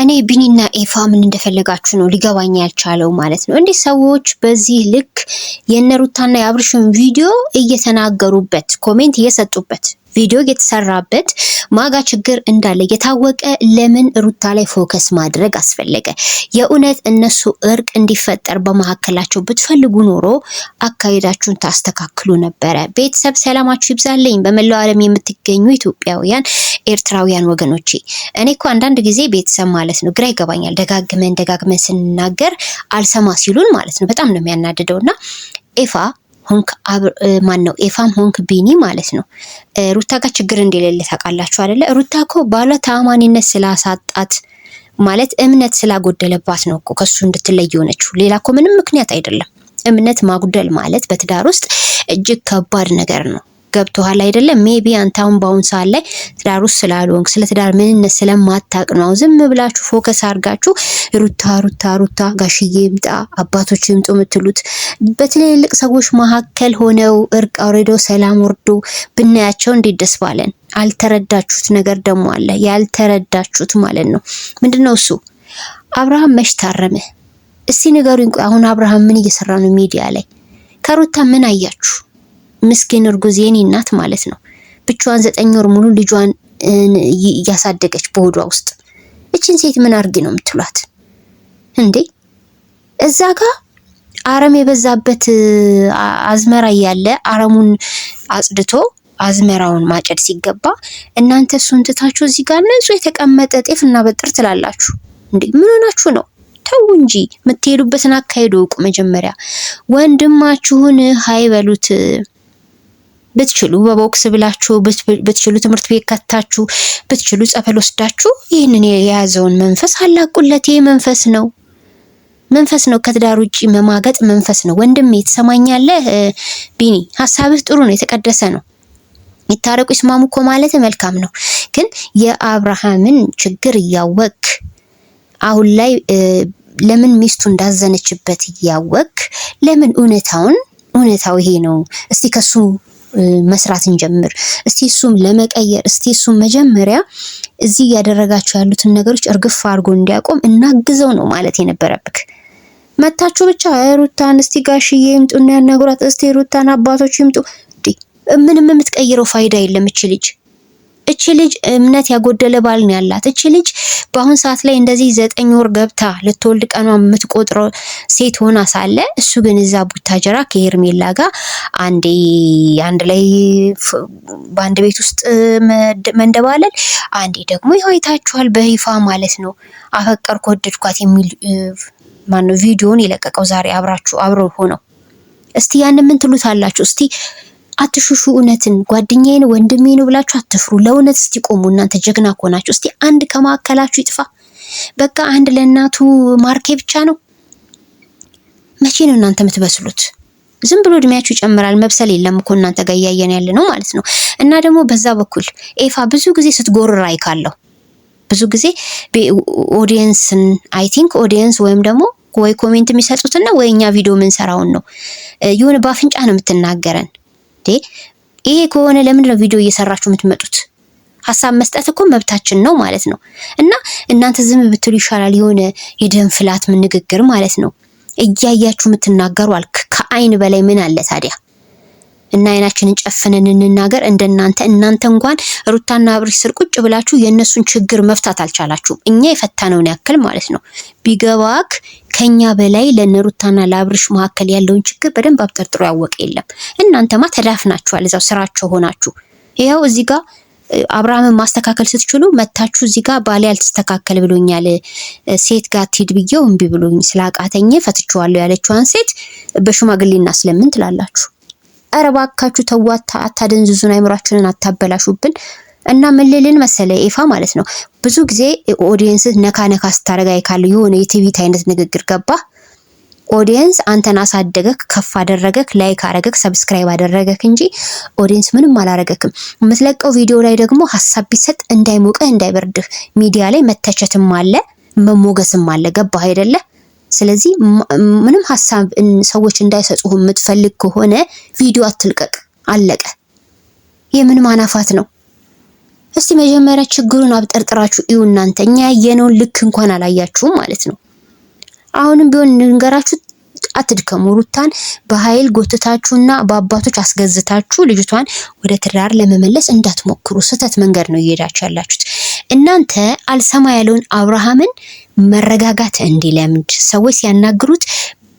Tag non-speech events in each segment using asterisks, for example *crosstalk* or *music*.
እኔ ቢኒና ኤፋ ምን እንደፈለጋችሁ ነው ሊገባኝ ያልቻለው ማለት ነው። እንዴ ሰዎች በዚህ ልክ የነሩታና የአብርሽን ቪዲዮ እየተናገሩበት ኮሜንት እየሰጡበት ቪዲዮ የተሰራበት ማጋ ችግር እንዳለ የታወቀ ለምን ሩታ ላይ ፎከስ ማድረግ አስፈለገ? የእውነት እነሱ እርቅ እንዲፈጠር በመካከላቸው ብትፈልጉ ኖሮ አካሄዳችሁን ታስተካክሉ ነበረ። ቤተሰብ ሰላማችሁ ይብዛልኝ። በመላው ዓለም የምትገኙ ኢትዮጵያውያን፣ ኤርትራውያን ወገኖቼ እኔ እኮ አንዳንድ ጊዜ ቤተሰብ ማለት ነው ግራ ይገባኛል። ደጋግመን ደጋግመን ስንናገር አልሰማ ሲሉን ማለት ነው በጣም ነው የሚያናድደውና ኤፋ ሆንክ ማን ነው ኤፋም ሆንክ ቢኒ ማለት ነው ሩታ ጋር ችግር እንደሌለ ታውቃላችሁ አይደለ? ሩታ እኮ ባሏ ተአማኒነት ስላሳጣት ማለት እምነት ስላጎደለባት ነው እኮ ከሱ እንድትለይ የሆነችው። ሌላ እኮ ምንም ምክንያት አይደለም። እምነት ማጉደል ማለት በትዳር ውስጥ እጅግ ከባድ ነገር ነው። ገብቶሃል አይደለም? ሜቢ አንተ አሁን በአሁን ሰዓት ላይ ትዳር ውስጥ ስላልሆንክ ስለ ትዳር ምንነት ስለማታቅ ነው። ዝም ብላችሁ ፎከስ አድርጋችሁ ሩታ ሩታ ሩታ ጋሽዬ ይምጣ አባቶች ይምጡ የምትሉት በትልልቅ ሰዎች መካከል ሆነው እርቅ አውርዶ ሰላም ወርዶ ብናያቸው እንዴት ደስ ባለን። አልተረዳችሁት ነገር ደግሞ አለ፣ ያልተረዳችሁት ማለት ነው። ምንድነው እሱ? አብርሃም መች ታረመ? እስቲ ንገሩኝ። አሁን አብርሃም ምን እየሰራ ነው ሚዲያ ላይ? ከሩታ ምን አያችሁ? ምስኪን እርጉዝ የኔ እናት ማለት ነው ብቻዋን ዘጠኝ ወር ሙሉ ልጇን እያሳደገች በሆዷ ውስጥ እችን ሴት ምን አርጊ ነው የምትሏት እንዴ? እዛ ጋ አረም የበዛበት አዝመራ እያለ አረሙን አጽድቶ አዝመራውን ማጨድ ሲገባ እናንተ እሱን ትታችሁ እዚህ ጋር ንጹህ የተቀመጠ ጤፍ እና በጥር ትላላችሁ እንዴ? ምን ሆናችሁ ነው? ተው እንጂ የምትሄዱበትን አካሄዱ እውቁ። መጀመሪያ ወንድማችሁን ሀይ በሉት። ብትችሉ በቦክስ ብላችሁ ብትችሉ ትምህርት ቤት ከታችሁ ብትችሉ ጸበል ወስዳችሁ ይህንን የያዘውን መንፈስ አላቁለት። መንፈስ ነው መንፈስ ነው። ከትዳር ውጪ መማገጥ መንፈስ ነው። ወንድሜ ትሰማኛለህ? ቢኒ ሀሳብህ ጥሩ ነው፣ የተቀደሰ ነው። ይታረቁ ይስማሙ እኮ ማለት መልካም ነው። ግን የአብርሃምን ችግር እያወቅ አሁን ላይ ለምን ሚስቱ እንዳዘነችበት እያወቅ ለምን እውነታውን እውነታው ይሄ ነው እስቲ ከሱ መስራት እንጀምር። እስቲ እሱም ለመቀየር እስቲ እሱም መጀመሪያ እዚህ እያደረጋችሁ ያሉትን ነገሮች እርግፍ አድርጎ እንዲያቆም እናግዘው ነው ማለት የነበረብክ። መታችሁ ብቻ ሩታን እስቲ ጋሽዬ ይምጡና ያናግሯት፣ እስቲ ሩታን አባቶች ይምጡ። ምንም የምትቀይረው ፋይዳ የለም እች ልጅ። እች ልጅ እምነት ያጎደለ ባል ነው ያላት። እች ልጅ በአሁን ሰዓት ላይ እንደዚህ ዘጠኝ ወር ገብታ ልትወልድ ቀኗ የምትቆጥረው ሴት ሆና ሳለ እሱ ግን እዛ ቡታጀራ ከሄርሜላ ጋር አንዴ አንድ ላይ በአንድ ቤት ውስጥ መንደባለል፣ አንዴ ደግሞ ይኸው አይታችኋል በይፋ ማለት ነው አፈቀርኩ ወደድኳት የሚል ማነው ቪዲዮን የለቀቀው ዛሬ አብራችሁ አብረው ሆነው እስቲ ያን ምን አላችሁ እስቲ? አትሹሹ። እውነትን ጓደኛዬን ወንድሜ ነው ብላችሁ አትፍሩ። ለእውነት እስቲ ቆሙ። እናንተ ጀግና ከሆናችሁ እስቲ አንድ ከማዕከላችሁ ይጥፋ። በቃ አንድ ለእናቱ ማርኬ ብቻ ነው። መቼ ነው እናንተ የምትበስሉት? ዝም ብሎ እድሜያችሁ ይጨምራል። መብሰል የለም እኮ እናንተ ጋር እያየን ያለ ነው ማለት ነው። እና ደግሞ በዛ በኩል ኤፋ ብዙ ጊዜ ስትጎርር አይካለሁ። ብዙ ጊዜ ኦዲየንስን አይ ቲንክ ኦዲየንስ ወይም ደግሞ ወይ ኮሜንት የሚሰጡትና ወይ እኛ ቪዲዮ የምንሰራውን ነው የሆነ በአፍንጫ ነው የምትናገረን እንዴ ይሄ ከሆነ ለምንድን ነው ቪዲዮ እየሰራችሁ የምትመጡት? ሀሳብ መስጠት እኮ መብታችን ነው ማለት ነው። እና እናንተ ዝም ብትሉ ይሻላል። የሆነ የደም ፍላት ምን ንግግር ማለት ነው እያያችሁ የምትናገሩ አልክ። ከአይን በላይ ምን አለ ታዲያ? እና አይናችንን ጨፍነን እንናገር እንደናንተ እናንተ እንኳን ሩታና አብርሽ ስር ቁጭ ብላችሁ የእነሱን ችግር መፍታት አልቻላችሁም። እኛ የፈታነውን ያክል ማለት ነው። ቢገባክ ከኛ በላይ ለነሩታና ለአብርሽ መካከል ያለውን ችግር በደንብ አብጠርጥሮ ያወቀ የለም። እናንተማ ተዳፍናችኋል፣ እዛው ስራቸው ሆናችሁ ይኸው እዚህ ጋር አብርሃምን ማስተካከል ስትችሉ መታችሁ እዚህ ጋር ባሌ አልተስተካከል ብሎኛል፣ ሴት ጋር ትሂድ ብዬው እምቢ ብሎኝ ስላቃተኝ ፈትችዋለሁ ያለችዋን ሴት በሽማግሌና ስለምን ትላላችሁ? ኧረ እባካችሁ ተዋታ አታደንዝዙን፣ አይምሯችንን አታበላሹብን። እና ምልልን መሰለ ኤፋ ማለት ነው ብዙ ጊዜ ኦዲየንስ ነካ ነካ ስታደርጋ ካለው የሆነ የትዕቢት አይነት ንግግር ገባ። ኦዲየንስ አንተን አሳደገክ፣ ከፍ አደረገክ፣ ላይክ አረገክ፣ ሰብስክራይብ አደረገክ እንጂ ኦዲየንስ ምንም አላረገክም። የምትለቀው ቪዲዮ ላይ ደግሞ ሀሳብ ቢሰጥ እንዳይሞቀህ እንዳይበርድህ። ሚዲያ ላይ መተቸትም አለ መሞገስም አለ። ገባህ አይደለም ስለዚህ ምንም ሀሳብ ሰዎች እንዳይሰጡህ የምትፈልግ ከሆነ ቪዲዮ አትልቀቅ። አለቀ። የምን ማናፋት ነው? እስቲ መጀመሪያ ችግሩን አብጠርጥራችሁ እዩ። እናንተ እኛ ያየነውን ልክ እንኳን አላያችሁም ማለት ነው። አሁንም ቢሆን ንገራችሁ አትድከሙ። ሩታን በኃይል ጎትታችሁና በአባቶች አስገዝታችሁ ልጅቷን ወደ ትዳር ለመመለስ እንዳትሞክሩ። ስህተት መንገድ ነው እየሄዳችሁ ያላችሁት። እናንተ አልሰማ ያለውን አብርሃምን መረጋጋት እንዲለምድ ሰዎች ሲያናግሩት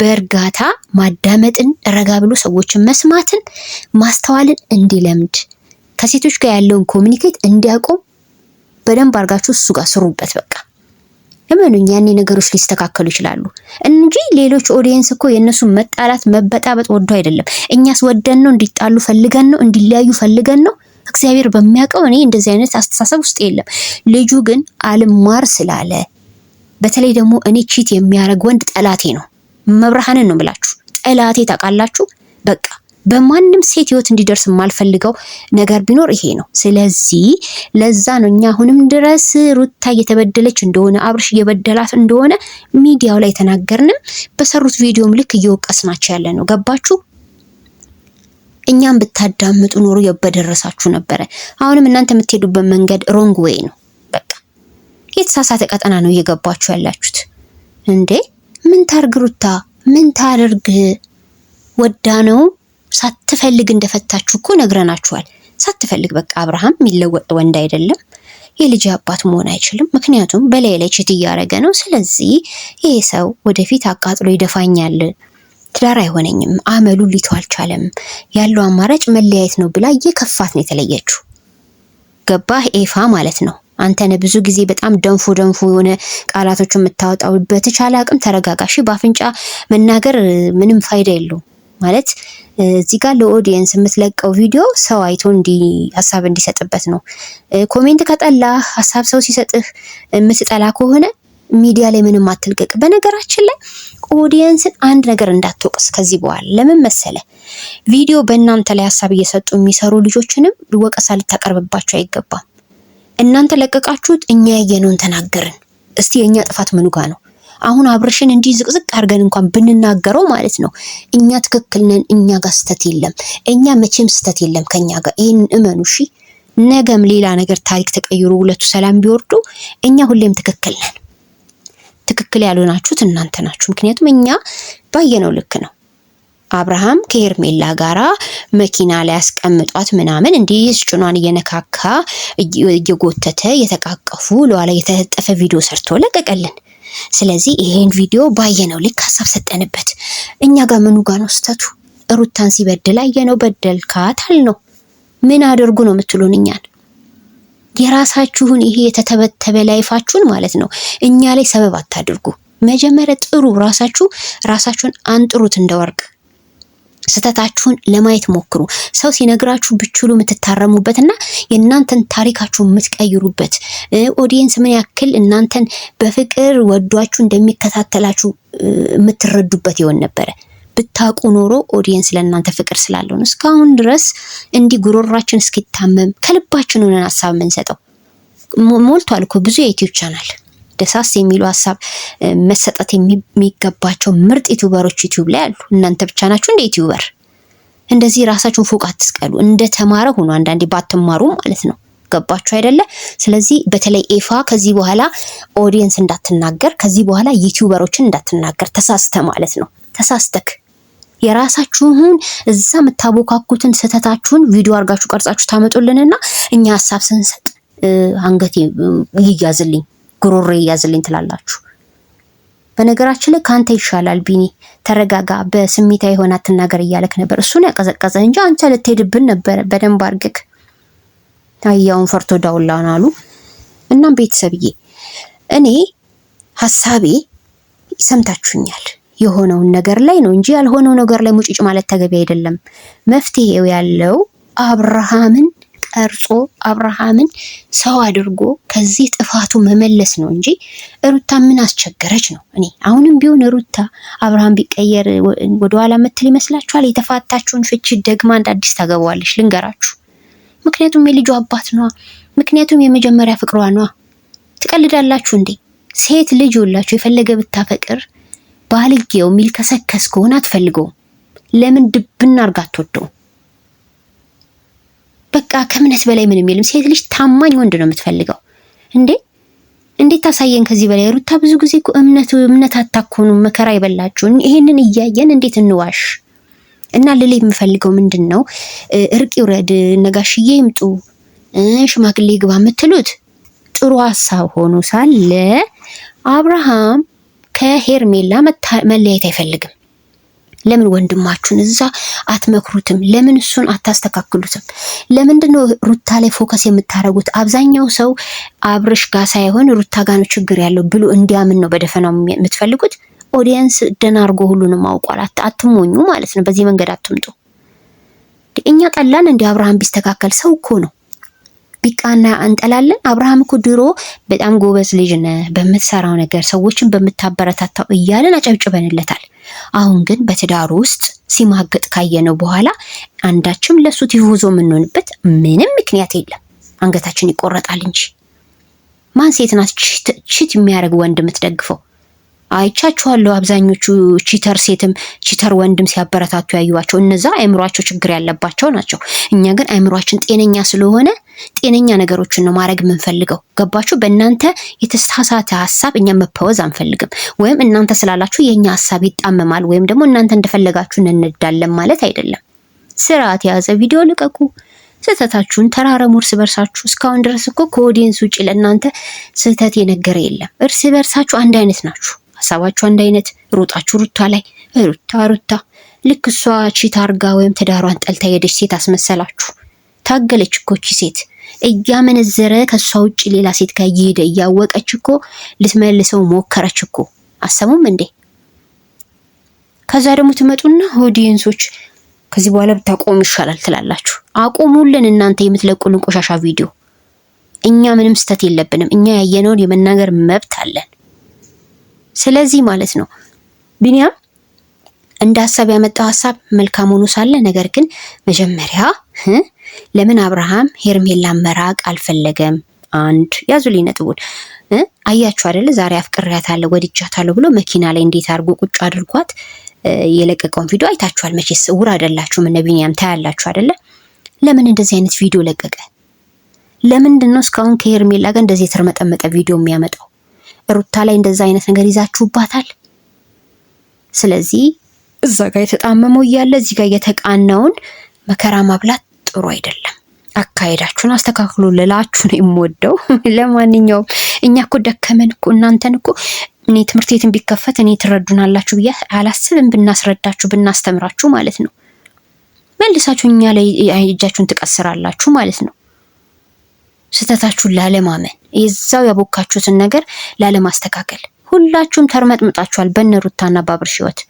በእርጋታ ማዳመጥን፣ ረጋ ብሎ ሰዎችን መስማትን፣ ማስተዋልን እንዲለምድ ከሴቶች ጋር ያለውን ኮሚኒኬት እንዲያቆም በደንብ አድርጋችሁ እሱ ጋር ስሩበት። በቃ እመኑኝ ያኔ ነገሮች ሊስተካከሉ ይችላሉ እንጂ ሌሎች ኦዲየንስ እኮ የእነሱን መጣላት መበጣበጥ ወዶ አይደለም። እኛስ ወደን ነው፣ እንዲጣሉ ፈልገን ነው፣ እንዲለያዩ ፈልገን ነው። እግዚአብሔር በሚያውቀው እኔ እንደዚህ አይነት አስተሳሰብ ውስጥ የለም። ልጁ ግን አልማር ስላለ በተለይ ደግሞ እኔ ቺት የሚያደርግ ወንድ ጠላቴ ነው። መብርሃንን ነው ምላችሁ፣ ጠላቴ ታውቃላችሁ። በቃ በማንም ሴት ህይወት እንዲደርስ የማልፈልገው ነገር ቢኖር ይሄ ነው። ስለዚህ ለዛ ነው እኛ አሁንም ድረስ ሩታ እየተበደለች እንደሆነ አብርሽ እየበደላት እንደሆነ ሚዲያው ላይ ተናገርንም፣ በሰሩት ቪዲዮም ልክ እየወቀስናቸው ያለ ነው። ገባችሁ? እኛም ብታዳምጡ ኖሮ በደረሳችሁ ነበረ። አሁንም እናንተ የምትሄዱበት መንገድ ሮንግ ዌይ ነው። የተሳሳተ ቀጠና ነው እየገባችሁ ያላችሁት። እንዴ ምን ታርግ ሩታ፣ ምን ታደርግ? ወዳ ነው ሳትፈልግ እንደፈታችሁ እኮ ነግረናችኋል። ሳትፈልግ በቃ አብርሃም የሚለወጥ ወንድ አይደለም። የልጅ አባት መሆን አይችልም። ምክንያቱም በላይ ላይ ችት እያደረገ ነው። ስለዚህ ይሄ ሰው ወደፊት አቃጥሎ ይደፋኛል፣ ትዳር አይሆነኝም፣ አመሉ ሊቶ አልቻለም፣ ያለው አማራጭ መለያየት ነው ብላ እየከፋት ነው የተለየችው። ገባህ ኤፋ ማለት ነው። አንተነ ብዙ ጊዜ በጣም ደንፎ ደንፎ የሆነ ቃላቶችን የምታወጣው በተቻለ አቅም ተረጋጋሽ። በአፍንጫ መናገር ምንም ፋይዳ የለውም። ማለት እዚህ ጋር ለኦዲየንስ የምትለቀው ቪዲዮ ሰው አይቶ እንዲ ሀሳብ እንዲሰጥበት ነው። ኮሜንት ከጠላ ሀሳብ ሰው ሲሰጥህ የምትጠላ ከሆነ ሚዲያ ላይ ምንም አትልቀቅ። በነገራችን ላይ ኦዲየንስን አንድ ነገር እንዳትወቅስ ከዚህ በኋላ ለምን መሰለ፣ ቪዲዮ በእናንተ ላይ ሀሳብ እየሰጡ የሚሰሩ ልጆችንም ወቀሳ ልታቀርብባቸው አይገባም። እናንተ ለቀቃችሁት፣ እኛ ያየነውን ተናገርን። እስቲ የእኛ ጥፋት ምኑ ጋ ነው? አሁን አብርሽን እንዲህ ዝቅዝቅ አድርገን እንኳን ብንናገረው ማለት ነው እኛ ትክክል ነን። እኛ ጋር ስተት የለም። እኛ መቼም ስተት የለም ከኛ ጋር ይህን እመኑ እሺ። ነገም ሌላ ነገር ታሪክ ተቀይሮ ሁለቱ ሰላም ቢወርዱ እኛ ሁሌም ትክክል ነን። ትክክል ያልሆናችሁት እናንተ ናችሁ። ምክንያቱም እኛ ባየነው ልክ ነው። አብርሃም ከሄርሜላ ጋራ መኪና ላይ ያስቀምጧት ምናምን እንዲህ ጭኗን እየነካካ እየጎተተ እየተቃቀፉ ለኋላ የተለጠፈ ቪዲዮ ሰርቶ ለቀቀልን። ስለዚህ ይሄን ቪዲዮ ባየነው ልክ ሀሳብ ሰጠንበት። እኛ ጋር ምኑ ጋር ነው ስተቱ? ሩታን ሲበድል አየነው። በደልካት አልነው። ምን አድርጉ ነው የምትሉን እኛን? የራሳችሁን ይሄ የተተበተበ ላይፋችሁን ማለት ነው እኛ ላይ ሰበብ አታድርጉ። መጀመሪያ ጥሩ ራሳችሁ ራሳችሁን አንጥሩት እንደወርቅ ስህተታችሁን ለማየት ሞክሩ። ሰው ሲነግራችሁ ብችሉ የምትታረሙበት እና የእናንተን ታሪካችሁ የምትቀይሩበት ኦዲየንስ ምን ያክል እናንተን በፍቅር ወዷችሁ እንደሚከታተላችሁ የምትረዱበት ይሆን ነበረ። ብታቁ ኖሮ ኦዲየንስ ለእናንተ ፍቅር ስላለው ነው እስካሁን ድረስ እንዲህ ጉሮሯችን እስኪታመም ከልባችን ሆነን ሀሳብ የምንሰጠው። ሞልቷል እኮ ብዙ የዩቲዩብ ቻናል ይደሳስ የሚሉ ሀሳብ መሰጠት የሚገባቸው ምርጥ ዩቲዩበሮች ዩቲዩብ ላይ አሉ። እናንተ ብቻ ናችሁ እንደ ዩቲዩበር እንደዚህ ራሳችሁን ፎቅ አትስቀሉ። እንደ ተማረ ሆኖ አንዳንዴ ባትማሩ ማለት ነው። ገባችሁ አይደለ? ስለዚህ በተለይ ኤፋ ከዚህ በኋላ ኦዲየንስ እንዳትናገር፣ ከዚህ በኋላ ዩቲዩበሮችን እንዳትናገር። ተሳስተ ማለት ነው። ተሳስተክ የራሳችሁን እዛ የምታቦካኩትን ስህተታችሁን ቪዲዮ አድርጋችሁ ቀርጻችሁ ታመጡልንና እኛ ሀሳብ ስንሰጥ አንገቴ ይያዝልኝ ጉሮሮ ይያዝልኝ ትላላችሁ። በነገራችን ላይ ከአንተ ይሻላል ቢኒ፣ ተረጋጋ፣ በስሜታ የሆነ አትናገር እያለክ ነበር። እሱን ያቀዘቀዘ እንጂ አንተ ልትሄድብን ነበር በደንብ አድርገክ። አያውን ፈርቶ ዳውላን አሉ። እናም ቤተሰብዬ እኔ ሀሳቤ ሰምታችሁኛል። የሆነውን ነገር ላይ ነው እንጂ ያልሆነው ነገር ላይ ሙጭጭ ማለት ተገቢ አይደለም። መፍትሄው ያለው አብርሃምን ቀርጾ አብርሃምን ሰው አድርጎ ከዚህ ጥፋቱ መመለስ ነው እንጂ ሩታ ምን አስቸገረች ነው። እኔ አሁንም ቢሆን ሩታ አብርሃም ቢቀየር ወደኋላ ምትል ይመስላችኋል? የተፋታችሁን ፍቺ ደግማ እንደ አዲስ ታገባዋለች። ልንገራችሁ፣ ምክንያቱም የልጁ አባት ነዋ። ምክንያቱም የመጀመሪያ ፍቅሯ ነዋ። ትቀልዳላችሁ እንዴ? ሴት ልጅ ሁላችሁ የፈለገ ብታፈቅር ባልጌው የሚል ከሰከስ ከሆነ አትፈልገውም። ለምን ድብና አርጋ አትወደውም? በቃ ከእምነት በላይ ምንም የለም። ሴት ልጅ ታማኝ ወንድ ነው የምትፈልገው። እንዴ እንዴት ታሳየን ከዚህ በላይ ሩታ። ብዙ ጊዜ እኮ እምነቱ እምነት አታኮኑ መከራ ይበላችሁ። ይሄንን እያየን እንዴት እንዋሽ? እና ልሌ የምፈልገው ምንድን ነው እርቅ ይውረድ፣ ነጋሽዬ ይምጡ፣ ሽማግሌ ግባ የምትሉት ጥሩ ሀሳብ ሆኖ ሳለ አብርሃም ከሄርሜላ መለያየት አይፈልግም። ለምን ወንድማችሁን እዛ አትመክሩትም? ለምን እሱን አታስተካክሉትም? ለምንድን ነው ሩታ ላይ ፎከስ የምታደርጉት? አብዛኛው ሰው አብርሽ ጋ ሳይሆን ሩታ ጋ ነው ችግር ያለው ብሎ እንዲያምን ነው በደፈናው የምትፈልጉት። ኦዲየንስ ደና አድርጎ ሁሉንም አውቋል። አትሞኙ ማለት ነው። በዚህ መንገድ አትምጡ። እኛ ጠላን እንዲ አብርሃም ቢስተካከል ሰው እኮ ነው። ቢቃና እንጠላለን። አብርሃም እኮ ድሮ በጣም ጎበዝ ልጅ ነህ፣ በምትሰራው ነገር ሰዎችን በምታበረታታው እያለን አጨብጭበንለታል። አሁን ግን በትዳሩ ውስጥ ሲማገጥ ካየነው በኋላ አንዳችም ለሱ ቲፎዞ የምንሆንበት ምንም ምክንያት የለም። አንገታችን ይቆረጣል እንጂ ማን ሴት ናት ችት የሚያደርግ ወንድ የምትደግፈው? አይቻችኋለሁ። አብዛኞቹ ቺተር ሴትም ቺተር ወንድም ሲያበረታቱ ያዩዋቸው እነዛ አይምሯቸው ችግር ያለባቸው ናቸው። እኛ ግን አይምሯችን ጤነኛ ስለሆነ ጤነኛ ነገሮችን ነው ማድረግ የምንፈልገው። ገባችሁ? በእናንተ የተሳሳተ ሀሳብ እኛ መፈወዝ አንፈልግም። ወይም እናንተ ስላላችሁ የእኛ ሀሳብ ይጣመማል፣ ወይም ደግሞ እናንተ እንደፈለጋችሁ እንነዳለን ማለት አይደለም። ስርዓት የያዘ ቪዲዮ ልቀቁ፣ ስህተታችሁን ተራረሙ እርስ በርሳችሁ። እስካሁን ድረስ እኮ ከኦዲየንስ ውጭ ለእናንተ ስህተት የነገረ የለም። እርስ በርሳችሁ አንድ አይነት ናችሁ። ሀሳባችሁ አንድ አይነት ሩጣችሁ ሩታ ላይ ሩታ ሩታ ልክ እሷ ቺታ አርጋ ወይም ትዳሯን ጠልታ የሄደች ሴት አስመሰላችሁ። ታገለች እኮ እቺ ሴት እያመነዘረ ከእሷ ውጭ ሌላ ሴት ጋር እየሄደ እያወቀች እኮ ልትመልሰው ሞከረች እኮ። አሰሙም እንዴ? ከዛ ደግሞ ትመጡና ኦዲየንሶች ከዚህ በኋላ ብታቆሙ ይሻላል ትላላችሁ። አቆሙልን እናንተ የምትለቁልን ቆሻሻ ቪዲዮ። እኛ ምንም ስተት የለብንም። እኛ ያየነውን የመናገር መብት አለን። ስለዚህ ማለት ነው ቢኒያም እንደ ሀሳብ ያመጣው ሀሳብ መልካም ሆኖ ሳለ ነገር ግን መጀመሪያ ለምን አብርሃም ሄርሜላን መራቅ አልፈለገም? አንድ ያዙልኝ ነጥቡን። አያችሁ አይደለ? ዛሬ አፍቅሬያታለሁ ወድጃታለሁ ብሎ መኪና ላይ እንዴት አድርጎ ቁጭ አድርጓት የለቀቀውን ቪዲዮ አይታችኋል። መቼስ እውር አይደላችሁም እነ ቢኒያም ታያላችሁ አይደለ? ለምን እንደዚህ አይነት ቪዲዮ ለቀቀ? ለምንድን ነው እስካሁን ከሄርሜላ ጋር እንደዚህ የተርመጠመጠ ቪዲዮ የሚያመጣው? ሩታ ላይ እንደዛ አይነት ነገር ይዛችሁባታል። ስለዚህ እዛ ጋር የተጣመመው እያለ እዚህ ጋር የተቃናውን መከራ ማብላት ጥሩ አይደለም። አካሄዳችሁን አስተካክሉ ልላችሁ ነው የምወደው። *laughs* ለማንኛውም እኛ እኮ ደከመን እኮ እናንተን እኮ እኔ ትምህርት ቤትን ቢከፈት እኔ ትረዱናላችሁ ብዬ አላስብም። ብናስረዳችሁ ብናስተምራችሁ ማለት ነው መልሳችሁ እኛ ላይ እጃችሁን ትቀስራላችሁ ማለት ነው። ስህተታችሁን ላለማመን፣ የዛው ያቦካችሁትን ነገር ላለማስተካከል ሁላችሁም ተርመጥምጣችኋል በነሩታና ባብርሽ ህይወት።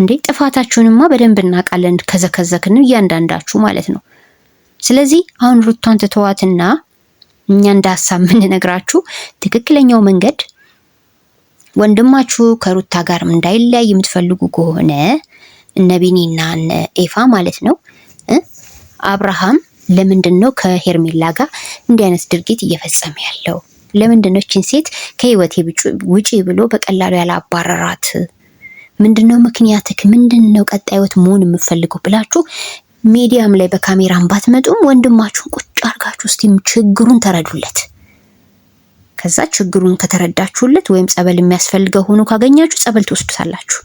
እንዴ ጥፋታችሁንማ በደንብ እናውቃለን፣ ከዘከዘክን እያንዳንዳችሁ ማለት ነው። ስለዚህ አሁን ሩቷን ትተዋትና እኛ እንደ ሀሳብ የምንነግራችሁ ትክክለኛው መንገድ ወንድማችሁ ከሩታ ጋርም እንዳይለያይ የምትፈልጉ ከሆነ እነ ቢኒና እነ ኤፋ ማለት ነው አብርሃም ለምንድን ነው ከሄርሜላ ጋር እንዲህ አይነት ድርጊት እየፈጸመ ያለው? ለምንድን ነው እችን ሴት ከህይወቴ ውጪ ብሎ በቀላሉ ያላባረራት? ምንድን ነው ምክንያትክ? ምንድን ነው ቀጣይ ህይወት መሆን የምፈልገው ብላችሁ ሚዲያም ላይ በካሜራም ባትመጡም ወንድማችሁን ቁጭ አድርጋችሁ እስቲም ችግሩን ተረዱለት። ከዛ ችግሩን ከተረዳችሁለት ወይም ጸበል የሚያስፈልገው ሆኖ ካገኛችሁ ጸበል ትወስዱታላችሁ።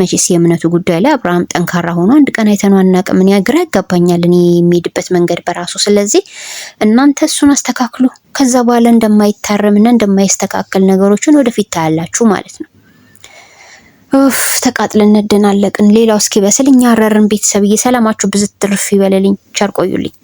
መቼስ የእምነቱ ጉዳይ ላይ አብርሃም ጠንካራ ሆኖ አንድ ቀን አይተነው አናውቅም። እኔ ግራ ያጋባኛል እኔ የሚሄድበት መንገድ በራሱ። ስለዚህ እናንተ እሱን አስተካክሉ። ከዛ በኋላ እንደማይታረምና እንደማይስተካከል ነገሮችን ወደፊት ታያላችሁ ማለት ነው። ኡፍ ተቃጥለን ነደናለቅን። ሌላው እስኪ በስል እኛ አረርን። ቤተሰብዬ ሰላማችሁ ብዝት ትርፍ ይበለልኝ። ቸር ቆዩልኝ።